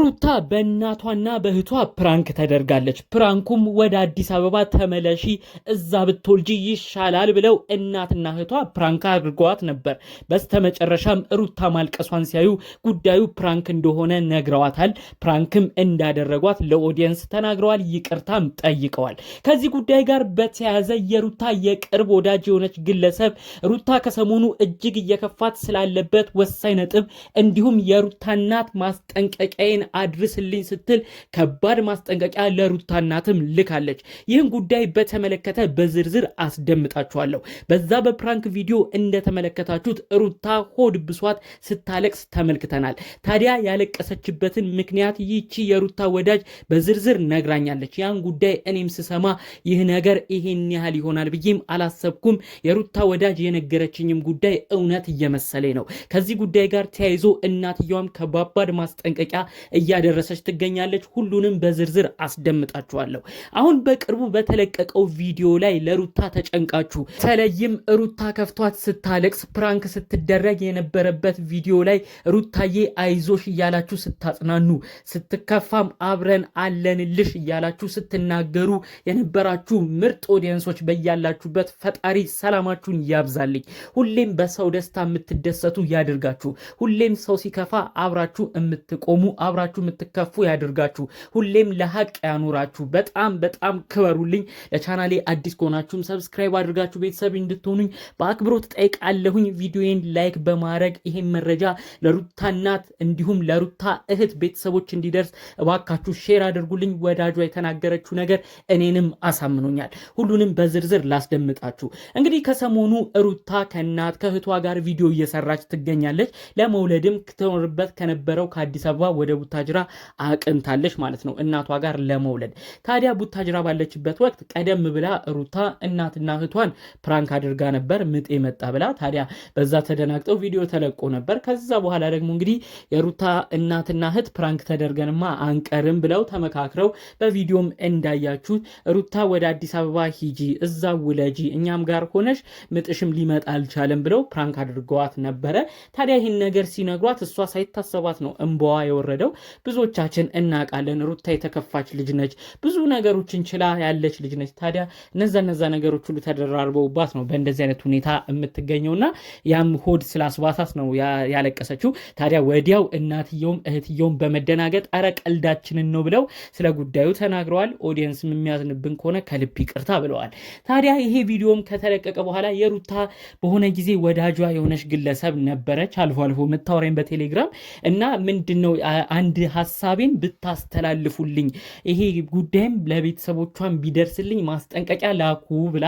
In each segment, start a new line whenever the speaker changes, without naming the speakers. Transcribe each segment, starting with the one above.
ሩታ በእናቷና በእህቷ ፕራንክ ተደርጋለች። ፕራንኩም ወደ አዲስ አበባ ተመለሺ፣ እዛ ብትወልጂ ይሻላል ብለው እናትና እህቷ ፕራንክ አድርገዋት ነበር። በስተመጨረሻም ሩታ ማልቀሷን ሲያዩ ጉዳዩ ፕራንክ እንደሆነ ነግረዋታል። ፕራንክም እንዳደረጓት ለኦዲየንስ ተናግረዋል። ይቅርታም ጠይቀዋል። ከዚህ ጉዳይ ጋር በተያያዘ የሩታ የቅርብ ወዳጅ የሆነች ግለሰብ ሩታ ከሰሞኑ እጅግ እየከፋት ስላለበት ወሳኝ ነጥብ እንዲሁም የሩታ እናት ማስጠንቀቂያ ጉዳይን አድርስልኝ ስትል ከባድ ማስጠንቀቂያ ለሩታ እናትም ልካለች። ይህን ጉዳይ በተመለከተ በዝርዝር አስደምጣችኋለሁ። በዛ በፕራንክ ቪዲዮ እንደተመለከታችሁት ሩታ ሆድ ብሷት ስታለቅስ ተመልክተናል። ታዲያ ያለቀሰችበትን ምክንያት ይቺ የሩታ ወዳጅ በዝርዝር ነግራኛለች። ያን ጉዳይ እኔም ስሰማ ይህ ነገር ይሄን ያህል ይሆናል ብዬም አላሰብኩም። የሩታ ወዳጅ የነገረችኝም ጉዳይ እውነት እየመሰለኝ ነው። ከዚህ ጉዳይ ጋር ተያይዞ እናትየዋም ከባባድ ማስጠንቀቂያ እያደረሰች ትገኛለች። ሁሉንም በዝርዝር አስደምጣችኋለሁ። አሁን በቅርቡ በተለቀቀው ቪዲዮ ላይ ለሩታ ተጨንቃችሁ በተለይም ሩታ ከፍቷት ስታለቅስ ፕራንክ ስትደረግ የነበረበት ቪዲዮ ላይ ሩታዬ አይዞሽ እያላችሁ ስታጽናኑ፣ ስትከፋም አብረን አለንልሽ እያላችሁ ስትናገሩ የነበራችሁ ምርጥ ኦዲየንሶች በያላችሁበት ፈጣሪ ሰላማችሁን ያብዛልኝ። ሁሌም በሰው ደስታ የምትደሰቱ ያድርጋችሁ። ሁሌም ሰው ሲከፋ አብራችሁ የምትቆሙ አብራችሁ የምትከፉ ያደርጋችሁ። ሁሌም ለሀቅ ያኖራችሁ። በጣም በጣም ክበሩልኝ። ለቻናሌ አዲስ ከሆናችሁም ሰብስክራይብ አድርጋችሁ ቤተሰብ እንድትሆኑኝ በአክብሮት ጠይቃለሁኝ። ቪዲዮን ላይክ በማድረግ ይሄን መረጃ ለሩታ እናት እንዲሁም ለሩታ እህት ቤተሰቦች እንዲደርስ እባካችሁ ሼር አድርጉልኝ። ወዳጇ የተናገረችው ነገር እኔንም አሳምኖኛል። ሁሉንም በዝርዝር ላስደምጣችሁ። እንግዲህ ከሰሞኑ ሩታ ከእናት ከእህቷ ጋር ቪዲዮ እየሰራች ትገኛለች። ለመውለድም ትኖርበት ከነበረው ከአዲስ አበባ ወደ ቡታጅራ አቅንታለች ማለት ነው እናቷ ጋር ለመውለድ። ታዲያ ቡታጅራ ባለችበት ወቅት ቀደም ብላ ሩታ እናትና እህቷን ፕራንክ አድርጋ ነበር ምጤ መጣ ብላ። ታዲያ በዛ ተደናግጠው ቪዲዮ ተለቆ ነበር። ከዛ በኋላ ደግሞ እንግዲህ የሩታ እናትና እህት ፕራንክ ተደርገንማ አንቀርም ብለው ተመካክረው በቪዲዮም እንዳያችሁት ሩታ ወደ አዲስ አበባ ሂጂ፣ እዛ ውለጂ፣ እኛም ጋር ሆነሽ ምጥሽም ሊመጣ አልቻለም ብለው ፕራንክ አድርገዋት ነበረ። ታዲያ ይህን ነገር ሲነግሯት እሷ ሳይታሰባት ነው እንባዋ የወረደው። ብዙዎቻችን እናውቃለን። ሩታ የተከፋች ልጅ ነች፣ ብዙ ነገሮችን ችላ ያለች ልጅ ነች። ታዲያ እነዛ እነዛ ነገሮች ሁሉ ተደራርበውባት ነው በእንደዚህ አይነት ሁኔታ የምትገኘውና ያም ሆድ ስላስባሳት ነው ያለቀሰችው። ታዲያ ወዲያው እናትየውም እህትየውም በመደናገጥ አረ ቀልዳችንን ነው ብለው ስለ ጉዳዩ ተናግረዋል። ኦዲየንስም የሚያዝንብን ከሆነ ከልብ ይቅርታ ብለዋል። ታዲያ ይሄ ቪዲዮም ከተለቀቀ በኋላ የሩታ በሆነ ጊዜ ወዳጇ የሆነች ግለሰብ ነበረች አልፎ አልፎ የምታወራኝ በቴሌግራም እና ምንድን ነው አንድ ሀሳቤን ብታስተላልፉልኝ ይሄ ጉዳይም ለቤተሰቦቿን ቢደርስልኝ ማስጠንቀቂያ ላኩ ብላ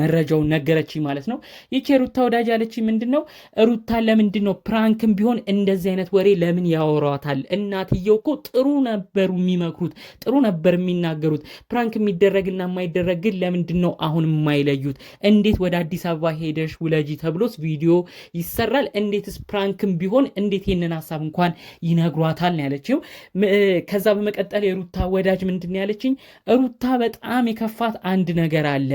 መረጃውን ነገረች ማለት ነው። ይቺ ሩታ ወዳጅ ያለች ምንድን ነው ሩታ ለምንድን ነው ፕራንክም ቢሆን እንደዚህ አይነት ወሬ ለምን ያወሯታል? እናትየው እኮ ጥሩ ነበሩ የሚመክሩት ጥሩ ነበር የሚናገሩት። ፕራንክ የሚደረግና የማይደረግ ግን ለምንድን ነው አሁን የማይለዩት? እንዴት ወደ አዲስ አበባ ሄደሽ ውለጂ ተብሎስ ቪዲዮ ይሰራል? እንዴትስ ፕራንክም ቢሆን እንዴት ይህንን ሀሳብ እንኳን ይነግሯታል ይመጣል ነው ያለችው። ከዛ በመቀጠል የሩታ ወዳጅ ምንድን ያለችኝ ሩታ በጣም የከፋት አንድ ነገር አለ።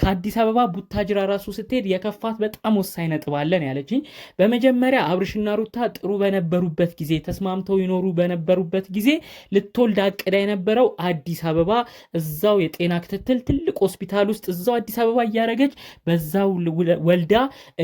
ከአዲስ አበባ ቡታጅራ ራሱ ስትሄድ የከፋት በጣም ወሳኝ ነጥብ አለ ነው ያለችኝ። በመጀመሪያ አብርሽና ሩታ ጥሩ በነበሩበት ጊዜ ተስማምተው ይኖሩ በነበሩበት ጊዜ ልትወልድ አቅዳ የነበረው አዲስ አበባ እዛው የጤና ክትትል ትልቅ ሆስፒታል ውስጥ እዛው አዲስ አበባ እያደረገች በዛው ወልዳ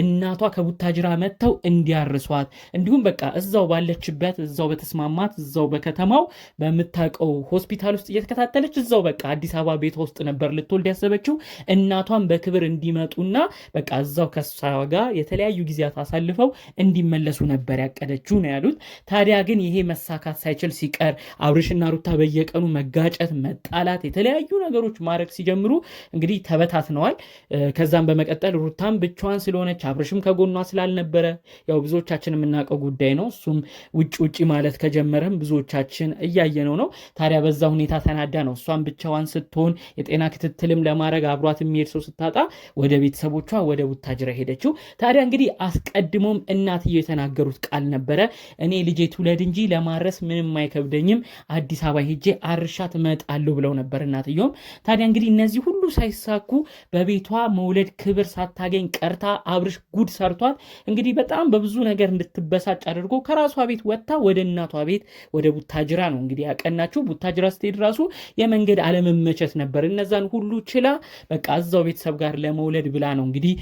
እናቷ ከቡታጅራ መጥተው እንዲያርሷት እንዲሁም በቃ እዛው ባለችበት እዛው በተስማ ተስማማት። እዛው በከተማው በምታውቀው ሆስፒታል ውስጥ እየተከታተለች እዛው በቃ አዲስ አበባ ቤቷ ውስጥ ነበር ልትወልድ ያሰበችው። እናቷን በክብር እንዲመጡና በቃ እዛው ከሷ ጋር የተለያዩ ጊዜያት አሳልፈው እንዲመለሱ ነበር ያቀደችው ነው ያሉት። ታዲያ ግን ይሄ መሳካት ሳይችል ሲቀር አብርሽና ሩታ በየቀኑ መጋጨት፣ መጣላት፣ የተለያዩ ነገሮች ማድረግ ሲጀምሩ እንግዲህ ተበታትነዋል። ከዛም በመቀጠል ሩታም ብቻዋን ስለሆነች አብርሽም ከጎኗ ስላልነበረ ያው ብዙዎቻችን የምናውቀው ጉዳይ ነው። እሱም ውጭ ውጭ ማለት እንደተጀመረም ብዙዎቻችን እያየነው ነው። ታዲያ በዛ ሁኔታ ተናዳ ነው እሷን ብቻዋን ስትሆን የጤና ክትትልም ለማድረግ አብሯት የሚሄድ ሰው ስታጣ ወደ ቤተሰቦቿ ወደ ቡታጅራ ሄደችው። ታዲያ እንግዲህ አስቀድሞም እናትየው የተናገሩት ቃል ነበረ፣ እኔ ልጄ ትውለድ እንጂ ለማድረስ ምንም አይከብደኝም፣ አዲስ አበባ ሄጄ አርሻት እመጣለሁ ብለው ነበር እናትየውም። ታዲያ እንግዲህ እነዚህ ሁሉ ሳይሳኩ በቤቷ መውለድ ክብር ሳታገኝ ቀርታ አብርሽ ጉድ ሰርቷል እንግዲህ በጣም በብዙ ነገር እንድትበሳጭ አድርጎ ከራሷ ቤት ወጥታ ወደ እናቷ ቤት ወደ ቡታጅራ ነው እንግዲህ ያቀናችው። ቡታጅራ ስትሄድ ራሱ የመንገድ አለመመቸት ነበር። እነዛን ሁሉ ችላ በቃ እዛው ቤተሰብ ጋር ለመውለድ ብላ ነው እንግዲህ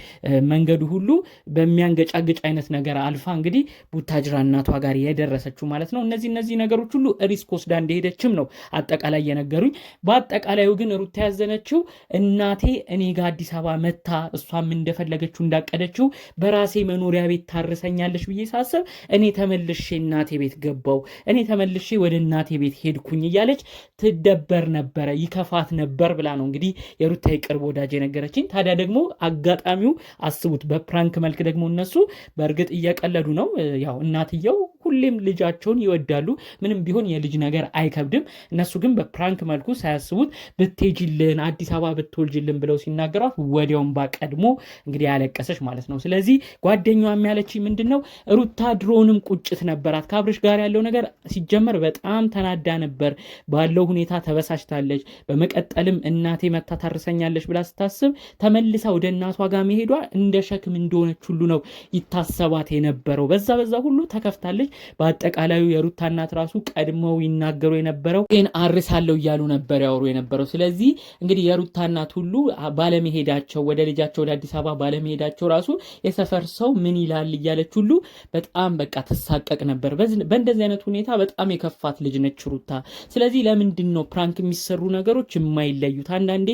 መንገዱ ሁሉ በሚያንገጫግጭ አይነት ነገር አልፋ እንግዲህ ቡታጅራ እናቷ ጋር የደረሰችው ማለት ነው። እነዚህ እነዚህ ነገሮች ሁሉ ሪስክ ወስዳ እንደሄደችም ነው አጠቃላይ የነገሩኝ። በአጠቃላዩ ግን ሩታ ያዘነችው እናቴ እኔ ጋር አዲስ አበባ መታ እሷም እንደፈለገችው እንዳቀደችው በራሴ መኖሪያ ቤት ታርሰኛለች ብዬ ሳስብ እኔ ተመልሼ እናቴ ቤት ገባው እኔ ተመልሼ ወደ እናቴ ቤት ሄድኩኝ እያለች ትደበር ነበረ፣ ይከፋት ነበር ብላ ነው እንግዲህ የሩታ የቅርብ ወዳጅ የነገረችኝ። ታዲያ ደግሞ አጋጣሚው አስቡት፣ በፕራንክ መልክ ደግሞ እነሱ በእርግጥ እየቀለዱ ነው ያው እናትየው ሁሌም ልጃቸውን ይወዳሉ። ምንም ቢሆን የልጅ ነገር አይከብድም። እነሱ ግን በፕራንክ መልኩ ሳያስቡት ብትሄጂልን አዲስ አበባ ብትወልጅልን ብለው ሲናገሯት ወዲያውም ባቀድሞ እንግዲህ ያለቀሰች ማለት ነው። ስለዚህ ጓደኛዋ የሚያለች ምንድን ነው ሩታ ድሮንም ቁጭት ነበራት ከአብርሽ ጋር ያለው ነገር ሲጀመር በጣም ተናዳ ነበር። ባለው ሁኔታ ተበሳጭታለች። በመቀጠልም እናቴ መታ ታርሰኛለች ብላ ስታስብ ተመልሳ ወደ እናቷ ጋር መሄዷ እንደ ሸክም እንደሆነች ሁሉ ነው ይታሰባት የነበረው። በዛ በዛ ሁሉ ተከፍታለች። በአጠቃላዩ የሩታ እናት ራሱ ቀድመው ይናገሩ የነበረው ይህን አርሳለሁ እያሉ ነበር ያወሩ የነበረው። ስለዚህ እንግዲህ የሩታ እናት ሁሉ ባለመሄዳቸው ወደ ልጃቸው ወደ አዲስ አበባ ባለመሄዳቸው ራሱ የሰፈር ሰው ምን ይላል እያለች ሁሉ በጣም በቃ ትሳቀቅ ነበር። በእንደዚህ አይነት ሁኔታ በጣም የከፋት ልጅ ነች ሩታ። ስለዚህ ለምንድን ነው ፕራንክ የሚሰሩ ነገሮች የማይለዩት? አንዳንዴ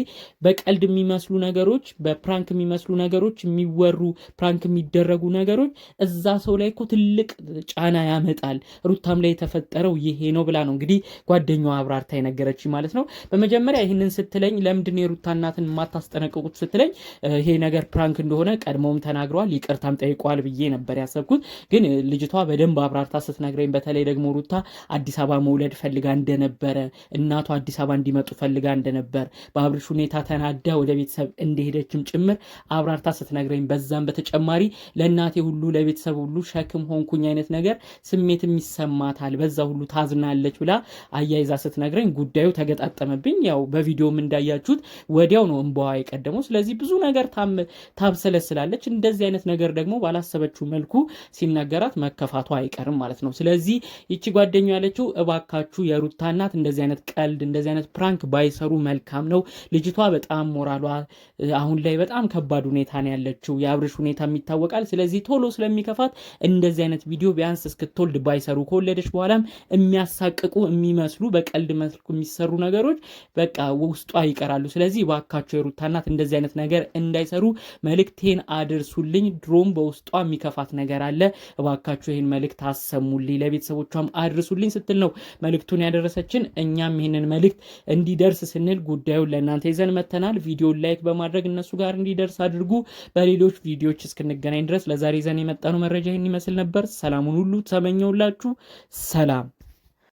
በቀልድ የሚመስሉ ነገሮች፣ በፕራንክ የሚመስሉ ነገሮች፣ የሚወሩ ፕራንክ የሚደረጉ ነገሮች እዛ ሰው ላይ እኮ ትልቅ ጫና ያመጣል። ሩታም ላይ የተፈጠረው ይሄ ነው ብላ ነው እንግዲህ ጓደኛዋ አብራርታ የነገረች ማለት ነው። በመጀመሪያ ይህንን ስትለኝ ለምንድን የሩታ እናትን የማታስጠነቅቁት ስትለኝ ይሄ ነገር ፕራንክ እንደሆነ ቀድሞውም ተናግረዋል፣ ይቅርታም ጠይቋል ብዬ ነበር ያሰብኩት። ግን ልጅቷ በደንብ አብራርታ ስትነግረኝ በተለይ ደግሞ ሩታ አዲስ አበባ መውለድ ፈልጋ እንደነበረ እናቷ አዲስ አበባ እንዲመጡ ፈልጋ እንደነበር በአብርሽ ሁኔታ ተናዳ ወደ ቤተሰብ እንደሄደችም ጭምር አብራርታ ስትነግረኝ በዛም በተጨማሪ ለእናቴ ሁሉ ለቤተሰብ ሁሉ ሸክም ሆንኩኝ አይነት ነገር ስሜትም ይሰማታል፣ በዛ ሁሉ ታዝናለች ብላ አያይዛ ስትነግረኝ ጉዳዩ ተገጣጠመብኝ። ያው በቪዲዮም እንዳያችሁት ወዲያው ነው እንባዋ የቀደመው። ስለዚህ ብዙ ነገር ታብሰለስላለች። እንደዚህ አይነት ነገር ደግሞ ባላሰበችው መልኩ ሲነገራት መከፋቷ አይቀርም ማለት ነው። ስለዚህ ይቺ ጓደኛ ያለችው እባካችሁ የሩታ እናት እንደዚህ አይነት ቀልድ እንደዚህ አይነት ፕራንክ ባይሰሩ መልካም ነው። ልጅቷ በጣም ሞራሏ አሁን ላይ በጣም ከባድ ሁኔታ ነው ያለችው። የአብርሽ ሁኔታም ይታወቃል። ስለዚህ ቶሎ ስለሚከፋት እንደዚህ አይነት ቪዲዮ ቢያንስ እስከ እስክትወልድ ባይሰሩ ከወለደች በኋላም የሚያሳቅቁ የሚመስሉ በቀልድ መልኩ የሚሰሩ ነገሮች በቃ ውስጧ ይቀራሉ። ስለዚህ ባካቸው የሩታ እናት እንደዚህ አይነት ነገር እንዳይሰሩ መልእክቴን አድርሱልኝ። ድሮም በውስጧ የሚከፋት ነገር አለ። ባካቸው ይህን መልእክት አሰሙልኝ፣ ለቤተሰቦቿም አድርሱልኝ ስትል ነው መልእክቱን ያደረሰችን። እኛም ይህንን መልእክት እንዲደርስ ስንል ጉዳዩን ለእናንተ ይዘን መተናል። ቪዲዮን ላይክ በማድረግ እነሱ ጋር እንዲደርስ አድርጉ። በሌሎች ቪዲዮዎች እስክንገናኝ ድረስ ለዛሬ ይዘን የመጣነው መረጃ ይህን ይመስል ነበር። ሰላሙን ሁሉ ተመኘውላችሁ። ሰላም